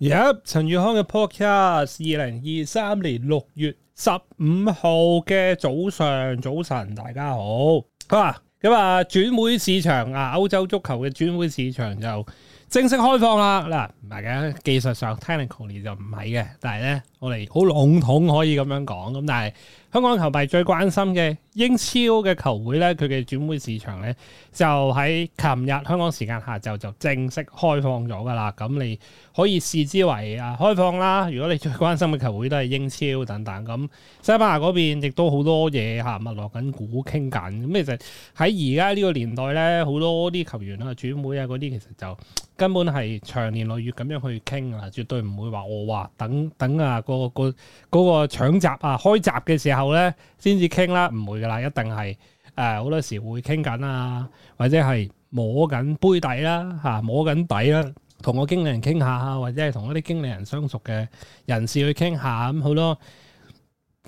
入陳宇康嘅 podcast，二零二三年六月十五號嘅早上早晨，大家好。好啦，咁啊，轉會市場啊，歐洲足球嘅轉會市場就正式開放啦。嗱、啊，唔係嘅，技術上 technically 就唔係嘅，但係咧，我哋好籠統可以咁樣講，咁但係。香港球迷最關心嘅英超嘅球會咧，佢嘅轉會市場咧，就喺琴日香港時間下晝就，就正式開放咗噶啦。咁你可以視之為啊開放啦。如果你最關心嘅球會都係英超等等，咁西班牙嗰邊亦都好多嘢吓，咪落緊股傾緊咁。其實喺而家呢個年代咧，好多啲球員啊轉會啊嗰啲，其實就根本係長年累月咁樣去傾啊，絕對唔會話我話等等啊、嗰個、嗰個、嗰個個搶閘啊開閘嘅時候。後咧先至傾啦，唔會噶啦，一定係誒好多時會傾緊啊，或者係摸緊杯底啦，吓摸緊底啦，同個經理人傾下或者係同一啲經理人相熟嘅人士去傾下，咁、嗯、好多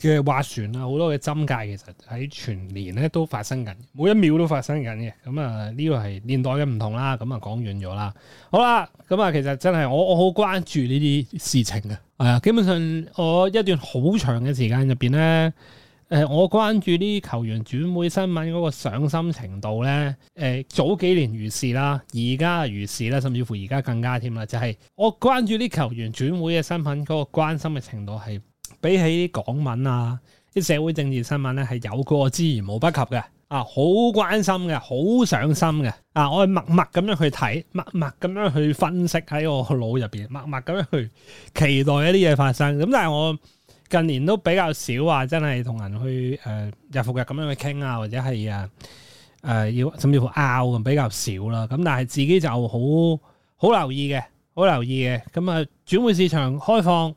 嘅划船啊，好多嘅針界，其實喺全年咧都發生緊，每一秒都發生緊嘅。咁、嗯、啊，呢、呢個係年代嘅唔同啦，咁啊講遠咗啦。好啦，咁、嗯、啊，其實真係我我好關注呢啲事情。係啊，基本上我一段好長嘅時間入面咧，我關注呢啲球員轉會新聞嗰個上心程度咧，早幾年如是啦，而家如是啦，甚至乎而家更加添啦，就係、是、我關注啲球員轉會嘅新聞嗰個關心嘅程度係，比起啲港聞啊、啲社會政治新聞咧係有過之而無不及嘅。啊，好關心嘅，好上心嘅，啊，我係默默咁樣去睇，默默咁樣去分析喺我腦入邊，默默咁樣去期待一啲嘢發生。咁、嗯、但係我近年都比較少話，真係同人去誒、呃、日復日咁樣去傾啊，或者係誒要甚至乎拗咁比較少啦。咁、嗯、但係自己就好好留意嘅，好留意嘅。咁、嗯、啊，轉會市場開放。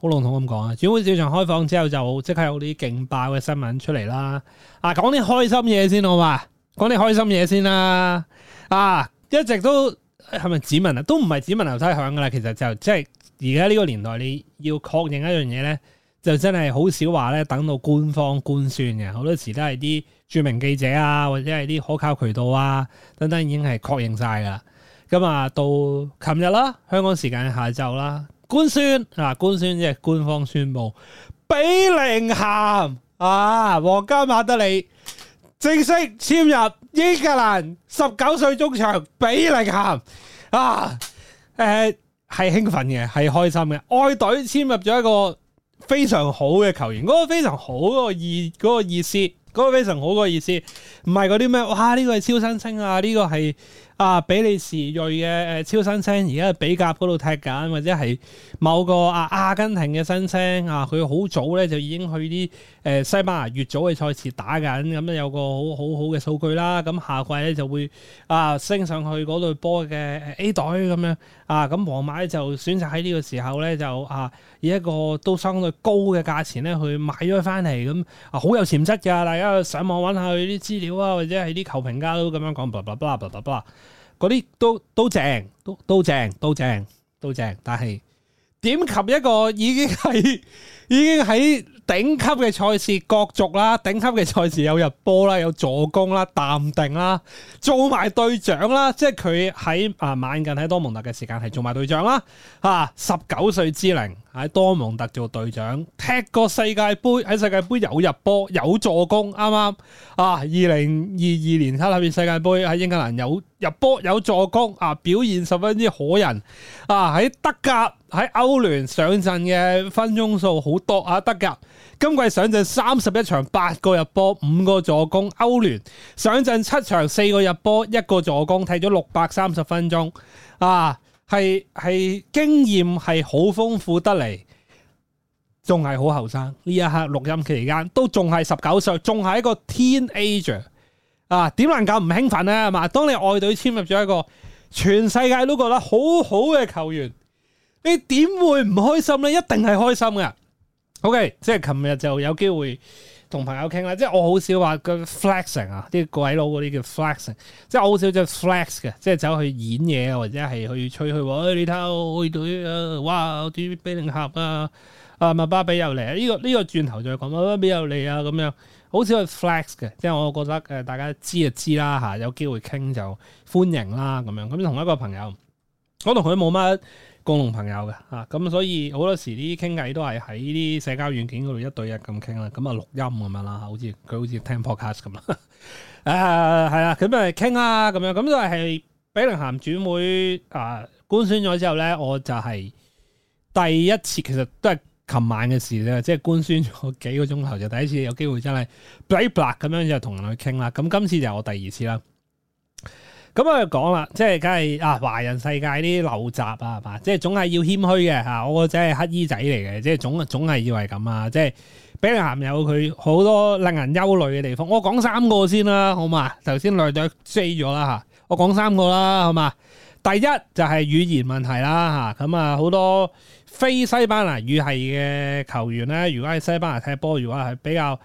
好籠統咁講啊！轉會市場開放之後就即刻有啲勁爆嘅新聞出嚟啦。啊，講啲開心嘢先好嘛？講啲開心嘢先啦。啊，一直都係咪指紋啊？都唔係只聞樓梯響噶啦。其實就即係而家呢個年代，你要確認一樣嘢咧，就真係好少話咧等到官方官宣嘅。好多時都係啲著名記者啊，或者係啲可靠渠道啊等等，已經係確認晒噶啦。咁、嗯、啊，到琴日啦，香港時間下晝啦。官宣啊！官宣即係官方宣布，比寧咸啊，皇家馬德里正式簽入英格蘭十九歲中場比寧咸啊！誒、啊，係興奮嘅，係開心嘅，愛隊簽入咗一個非常好嘅球員，嗰、那個非常好嗰個意，嗰個意思，嗰、那個非常好嗰意思，唔係嗰啲咩？哇！呢、這個係超新星啊！呢、這個係。啊，比利時瑞嘅誒超新星，而家喺比甲嗰度踢緊，或者係某個啊阿根廷嘅新星啊，佢好早咧就已經去啲誒、啊、西班牙越早嘅賽事打緊，咁咧有個好好好好好嘅數據啦。咁下季咧就會啊升上去嗰隊波嘅 A 隊咁樣啊，咁皇馬咧就選擇喺呢個時候咧就啊以一個都相對高嘅價錢咧去買咗佢返嚟，咁啊好有潛質㗎。大家上網揾下佢啲資料啊，或者係啲球評家都咁樣講，blah blah blah blah blah blah blah 嗰啲都都正，都都正，都正，都正，但係點及一個已經係已經喺頂級嘅賽事角逐啦，頂級嘅賽事有入波啦，有助攻啦，淡定啦，做埋隊長啦，即係佢喺啊晚近喺多蒙特嘅時間係做埋隊長啦，啊十九歲之齡。喺多蒙特做隊長，踢過世界杯，喺世界杯有入波，有助攻，啱啱啊！二零二二年卡里邊世界杯喺英格蘭有入波，有助攻，啊表現十分之可人啊！喺德甲喺歐聯上陣嘅分鐘數好多啊！德甲今季上陣三十一場，八個入波，五個助攻；歐聯上陣七場，四個入波，一個助攻，踢咗六百三十分鐘啊！係係經驗係好豐富得嚟，仲係好後生。呢一刻錄音期間都仲係十九歲，仲係一個 teenager 啊！點能夠唔興奮呢？係嘛，當你外隊簽入咗一個全世界都覺得好好嘅球員，你點會唔開心呢？一定係開心㗎。OK，即係琴日就有機會同朋友傾啦。即係我好少話個 flexing 啊，啲鬼佬嗰啲叫 flexing，即係我好少就 flex 嘅，即係走去演嘢或者係去吹去、哎、你睇我隊啊，哇，啲比寧咸啊，啊麥巴比又嚟，呢、啊呢個呢、呢個轉頭再講，比又嚟啊咁樣，好少去 flex 嘅。即係我覺得大家知就知啦，有機會傾就歡迎啦咁樣。咁同一個朋友。我同佢冇乜共同朋友嘅，啊，咁所以好多時啲傾偈都係喺啲社交軟件嗰度一對一咁傾啦，咁啊錄音咁樣啦，好似佢好似聽 podcast 咁啊，係啊，咁啊傾啦，咁樣，咁就係俾林涵轉會啊官宣咗之後咧，我就係第一次，其實都係琴晚嘅事啫，即係官宣咗幾個鐘頭就第一次有機會真係 black black 咁樣就同人去傾啦，咁今次就係我第二次啦。咁我講啦，即係梗係啊華人世界啲陋習啊，係嘛？即係總係要謙虛嘅吓，我個仔係乞衣仔嚟嘅，即係總總係以為咁啊，即係比寧咸有佢好多令人憂慮嘅地方。我講三個先啦，好嘛？頭先內隊衰咗啦吓，我講三個啦，好嘛？第一就係語言問題啦吓，咁啊好多非西班牙語系嘅球員咧，如果喺西班牙踢波，如果係比較。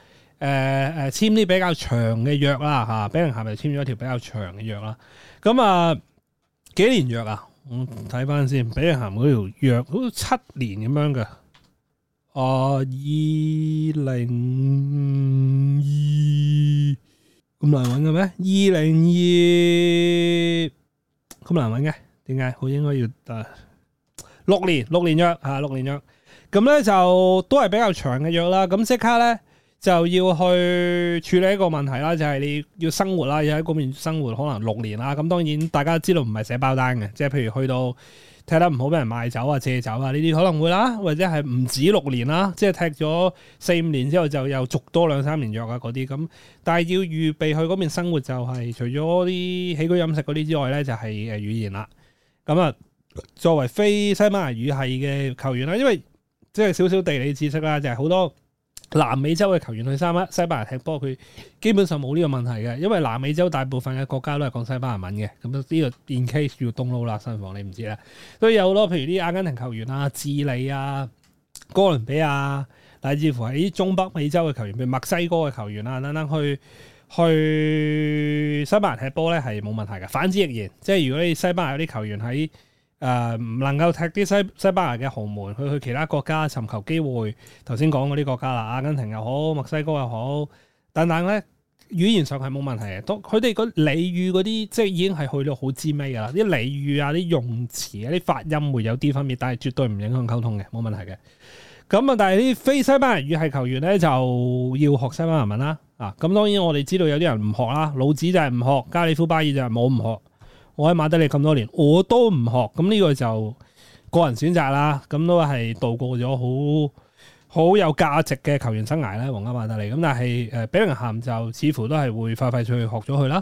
誒誒，簽啲比較長嘅約啦吓，比寧咸係咪簽咗條比較長嘅約啦？咁啊，幾年約啊？我睇翻，先，比寧咸嗰條約好似七年咁樣嘅。啊，二零二咁難搵嘅咩？二零二咁難搵嘅？點解？好應該要誒六年，六年約吓，六年約。咁咧就都係比較長嘅約啦。咁即刻咧，就要去處理一個問題啦，就係、是、你要生活啦，要喺嗰邊生活可能六年啦。咁當然大家知道唔係寫包單嘅，即係譬如去到踢得唔好俾人賣走啊、借走啊呢啲可能會啦，或者係唔止六年啦，即係踢咗四五年之後就又續多兩三年約啊嗰啲咁。但係要預備去嗰邊生活、就是，就係除咗啲起居飲食嗰啲之外呢就係、是、語語言啦。咁啊，作為非西班牙語系嘅球員啦，因為即係少少地理知識啦，就係、是、好多。南美洲嘅球員去西班牙踢波，佢基本上冇呢個問題嘅，因為南美洲大部分嘅國家都係講西班牙文嘅。咁樣呢個 in case you don't know 啦，新房你唔知啦，都有咯。譬如啲阿根廷球員啊、智利啊、哥倫比亞啊，乃至乎喺中北美洲嘅球員，譬如墨西哥嘅球員啦，等等去去西班牙踢波咧，係冇問題嘅。反之亦然，即係如果你西班牙有啲球員喺。誒唔、呃、能夠踢啲西西班牙嘅豪門，去去其他國家尋求機會。頭先講嗰啲國家啦，阿根廷又好，墨西哥又好，等等咧，語言上係冇問題嘅。都佢哋個俚語嗰啲，即係已經係去到好知味噶啦，啲俚語啊，啲用詞啊，啲發音會有啲分別，但係絕對唔影響溝通嘅，冇問題嘅。咁啊，但係啲非西班牙語係球員咧，就要學西班牙文啦。啊，咁當然我哋知道有啲人唔學啦，老子就係唔學，加利夫巴爾就係冇唔學。我喺馬德里咁多年，我都唔學，咁呢個就個人選擇啦。咁都係度過咗好好有價值嘅球員生涯咧，皇家馬德里。咁但係誒、呃、比寧咸就似乎都係會快快脆去學咗佢啦。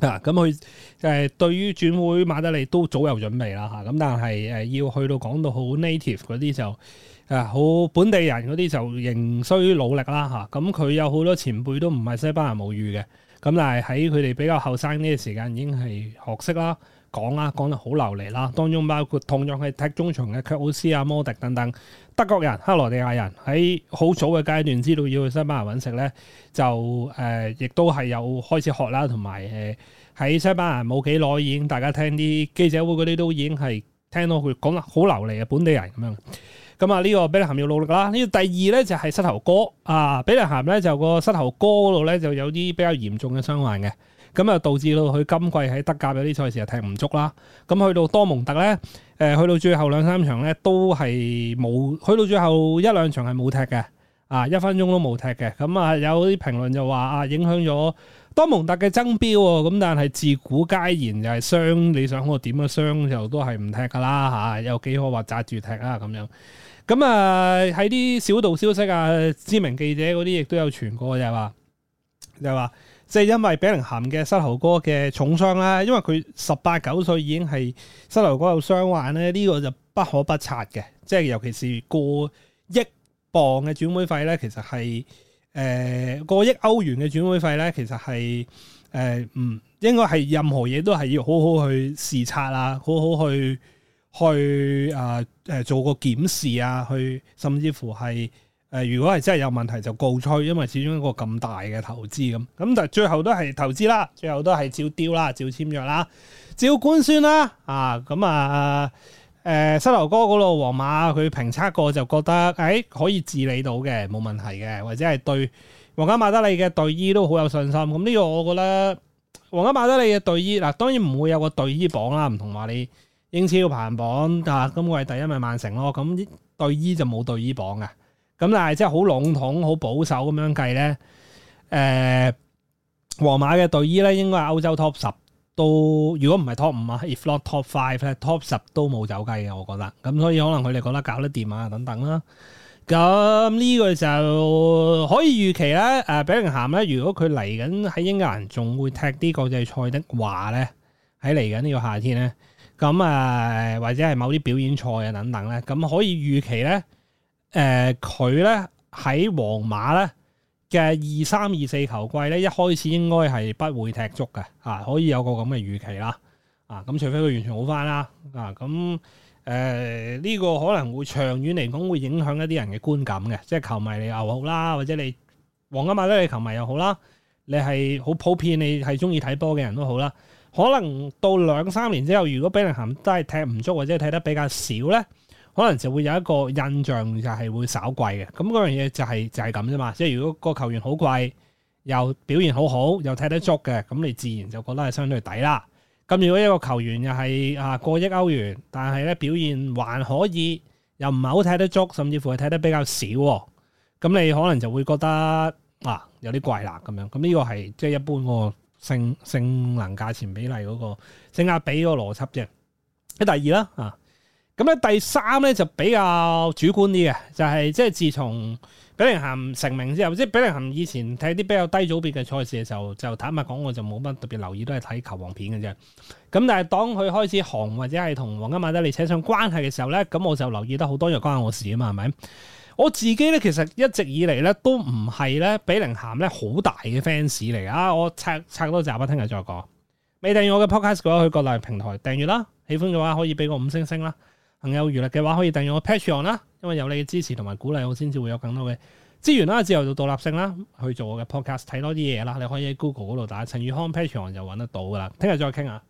啊，咁佢誒對於轉會馬德里都早有準備啦嚇。咁、啊、但係誒、呃、要去到講到好 native 嗰啲就誒好、啊、本地人嗰啲就仍需努力啦嚇。咁、啊、佢有好多前輩都唔係西班牙母語嘅。咁但係喺佢哋比較後生呢個時間已經係學識啦，講啦，講得好流利啦，當中包括同樣係踢中場嘅克奧斯啊、摩迪等等，德國人、克羅地亞人喺好早嘅階段知道要去西班牙揾食呢，就、呃、亦都係有開始學啦，同埋喺西班牙冇幾耐已經大家聽啲記者會嗰啲都已經係聽到佢講得好流利嘅本地人咁樣咁啊，呢個比寧咸要努力啦。呢個第二咧就係膝頭哥啊，比寧咸咧就個膝頭哥嗰度咧就有啲比較嚴重嘅傷患嘅，咁啊導致到佢今季喺德甲有啲賽事就踢唔足啦。咁去到多蒙特咧，誒去到最後兩三場咧都係冇，去到最後一兩場係冇踢嘅，啊一分鐘都冇踢嘅。咁啊有啲評論就話啊影響咗多蒙特嘅爭標喎，咁但係自古皆然，就係傷，你想我點樣傷就都係唔踢噶啦、吓、有幾可話紮住踢啊咁樣。咁啊，喺啲、嗯、小道消息啊，知名記者嗰啲亦都有傳過就係話，就係話，即係因為比寧咸嘅膝頭哥嘅重傷啦，因為佢十八九歲已經係膝頭哥有傷患咧，呢、這個就不可不察嘅。即係尤其是過億磅嘅轉會費咧，其實係誒、呃、過億歐元嘅轉會費咧，其實係誒唔應該係任何嘢都係要好好去視察啦，好好去。去啊，誒、呃、做個檢視啊，去甚至乎係誒、呃，如果係真係有問題就告吹，因為始終一個咁大嘅投資咁，咁但係最後都係投資啦，最後都係照丟啦，照簽約啦，照官宣啦啊！咁啊誒，西、啊、樓、呃、哥嗰度皇馬佢評測過就覺得誒、哎、可以治理到嘅冇問題嘅，或者係對皇家馬德里嘅隊醫都好有信心。咁呢個我覺得皇家馬德里嘅隊醫嗱、啊，當然唔會有個隊醫榜啦，唔同話你。英超排行榜啊，今季第一咪曼城咯，咁隊衣就冇隊衣榜嘅，咁但係即係好籠統、好保守咁樣計咧。誒、呃，皇馬嘅隊衣咧，應該係歐洲 top 十到，如果唔係 top 五啊，if not top five 咧，top 十都冇走雞嘅，我覺得。咁所以可能佢哋覺得搞得掂啊等等啦。咁呢個就可以預期咧，誒、呃，比寧咸咧，如果佢嚟緊喺英格蘭仲會踢啲國際賽的話咧，喺嚟緊呢個夏天咧。咁啊，或者係某啲表演賽啊等等咧，咁可以預期咧，誒佢咧喺皇馬咧嘅二三二四球季咧，一開始應該係不會踢足嘅、啊、可以有個咁嘅預期啦。啊，咁除非佢完全好翻啦。啊，咁誒呢個可能會長遠嚟講會影響一啲人嘅觀感嘅，即係球迷你又好啦，或者你皇家馬德里球迷又好啦，你係好普遍你係中意睇波嘅人都好啦。可能到兩三年之後，如果比寧咸都係踢唔足或者踢得比較少咧，可能就會有一個印象就係會稍貴嘅。咁嗰樣嘢就係、係、就係咁啫嘛。即係如果個球員好貴，又表現好好，又踢得足嘅，咁你自然就覺得係相對抵啦。咁如果一個球員又係啊過億歐元，但係咧表現還可以，又唔係好踢得足，甚至乎係踢得比較少，咁你可能就會覺得啊有啲貴啦咁樣。咁呢個係即、就係、一般、嗰個。性性能價錢比例嗰、那個性價比嗰個邏輯啫。喺第二啦啊，咁咧第三咧就比較主觀啲嘅，就係、是、即係自從比寧咸成名之後，即係比寧咸以前睇啲比較低組別嘅賽事嘅時候，就坦白講，我就冇乜特別留意都係睇球王片嘅啫。咁但係當佢開始紅或者係同黃金馬德利扯上關係嘅時候咧，咁我就留意得好多嘢關我事啊嘛，係咪？我自己咧，其實一直以嚟咧都唔係咧比寧咸咧好大嘅 fans 嚟啊！我拆拆多集，我聽日再講。未訂閱我嘅 podcast 嘅話，去各大平台訂閱啦。喜歡嘅話，可以俾個五星星啦。朋友餘力嘅話，可以訂閱我 Patreon 啦。因為有你嘅支持同埋鼓勵，我先至會有更多嘅資源啦，之後就獨立性啦，去做我嘅 podcast，睇多啲嘢啦。你可以喺 Google 嗰度打陳宇康 Patreon 就揾得到噶啦。聽日再傾啊！